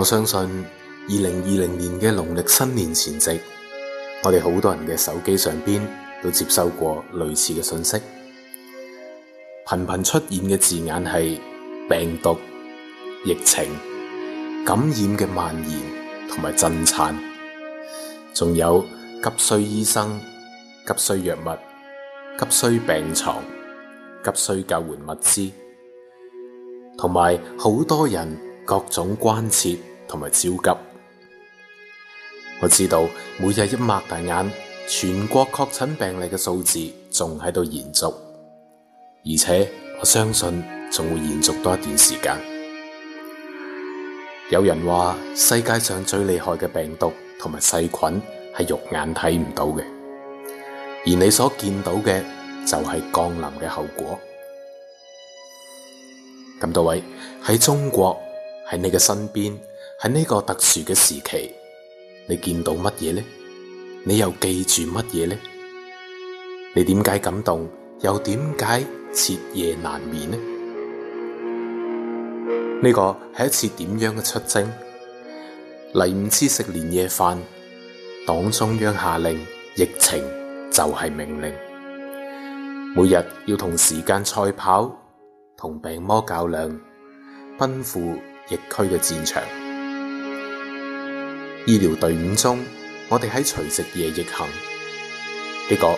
我相信二零二零年嘅農曆新年前夕，我哋好多人嘅手機上邊都接收過類似嘅信息，頻頻出現嘅字眼係病毒、疫情、感染嘅蔓延同埋震顫，仲有急需醫生、急需藥物、急需病床、急需救援物資，同埋好多人各種關切。同埋焦急，我知道每日一擘大眼，全國確診病例嘅數字仲喺度延續，而且我相信仲會延續多一段時間。有人話世界上最厲害嘅病毒同埋細菌係肉眼睇唔到嘅，而你所見到嘅就係降臨嘅後果。咁多位，喺中國，喺你嘅身邊。喺呢個特殊嘅時期，你見到乜嘢呢？你又記住乜嘢呢？你點解感動？又點解徹夜難眠呢？呢個係一次點樣嘅出征？嚟唔知食年夜飯，黨中央下令，疫情就係命令，每日要同時間賽跑，同病魔較量，奔赴疫區嘅戰場。醫療隊伍中，我哋喺除夕夜逆行，呢個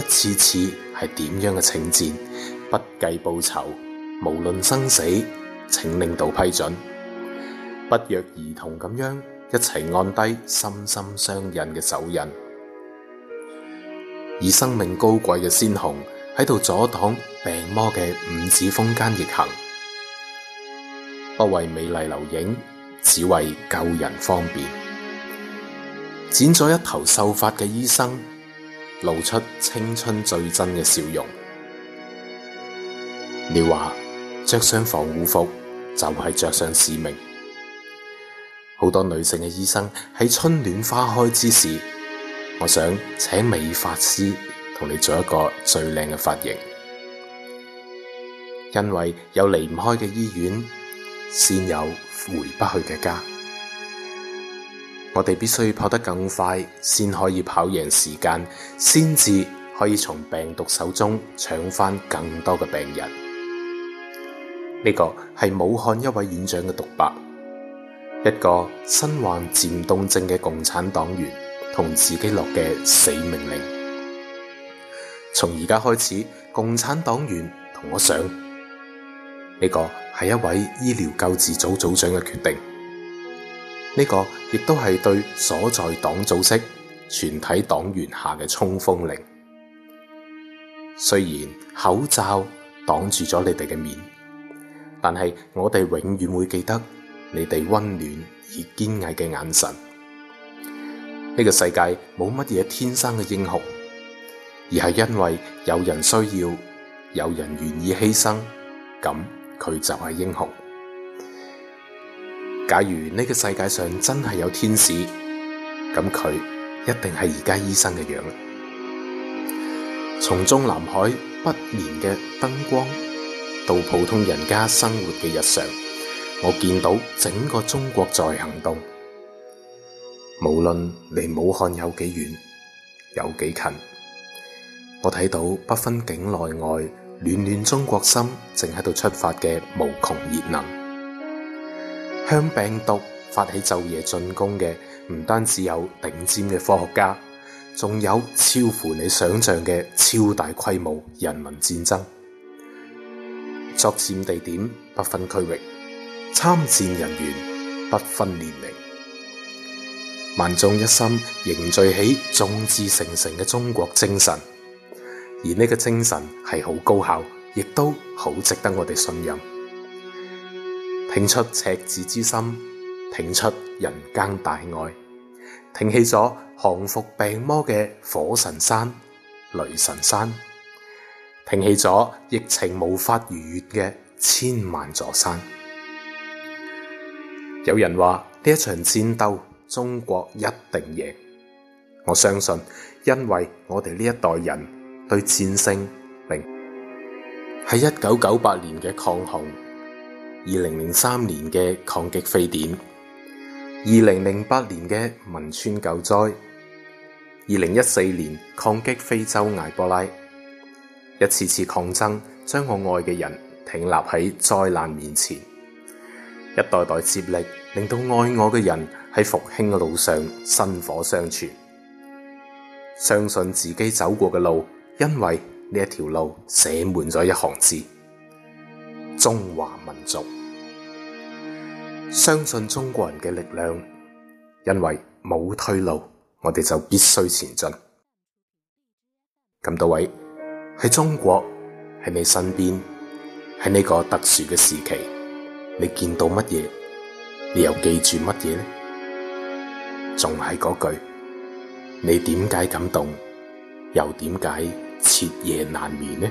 一次次係點樣嘅請戰，不計報酬，無論生死，請領導批准。不約而同咁樣一齊按低心心相印嘅手印，而生命高貴嘅鮮紅喺度阻擋病魔嘅五指峰間逆行，不為美麗留影，只為救人方便。剪咗一頭秀髮嘅醫生，露出青春最真嘅笑容。你話着上防護服就係着上使命。好多女性嘅醫生喺春暖花開之時，我想請美髮師同你做一個最靚嘅髮型，因為有離唔開嘅醫院，先有回不去嘅家。我哋必須跑得更快，先可以跑贏時間，先至可以從病毒手中搶翻更多嘅病人。呢個係武漢一位院長嘅獨白，一個身患漸凍症嘅共產黨員同自己落嘅死命令。從而家開始，共產黨員同我上。呢個係一位醫療救治組組長嘅決定。呢個亦都係對所在黨組織全體黨員下嘅衝鋒令。雖然口罩擋住咗你哋嘅面，但係我哋永遠會記得你哋溫暖而堅毅嘅眼神。呢個世界冇乜嘢天生嘅英雄，而係因為有人需要，有人願意犧牲，咁佢就係英雄。假如呢個世界上真係有天使，咁佢一定係而家醫生嘅樣子。從中南海不眠嘅燈光，到普通人家生活嘅日常，我見到整個中國在行動。無論離武漢有幾遠，有幾近，我睇到不分境內外，暖暖中國心正喺度出發嘅無窮熱能。向病毒發起晝夜進攻嘅唔單止有頂尖嘅科學家，仲有超乎你想象嘅超大規模人民戰爭。作戰地點不分區域，參戰人員不分年齡，萬眾一心凝聚起眾志成城嘅中國精神。而呢個精神係好高效，亦都好值得我哋信任。挺出赤子之心，挺出人間大愛，挺起咗降服病魔嘅火神山、雷神山，挺起咗疫情無法逾越嘅千萬座山。有人話呢一場戰鬥，中國一定贏。我相信，因為我哋呢一代人對戰勝，並喺一九九八年嘅抗洪。二零零三年嘅抗擊非典，二零零八年嘅汶川救災，二零一四年抗擊非洲埃博拉，一次次抗爭，將我愛嘅人挺立喺災難面前，一代代接力，令到愛我嘅人喺復興嘅路上薪火相傳。相信自己走過嘅路，因為呢一條路寫滿咗一行字：中華民族。相信中國人嘅力量，因為冇退路，我哋就必須前進。咁多位喺中國，喺你身邊，喺呢個特殊嘅時期，你見到乜嘢？你又記住乜嘢呢？仲係嗰句，你點解感動？又點解徹夜難眠呢？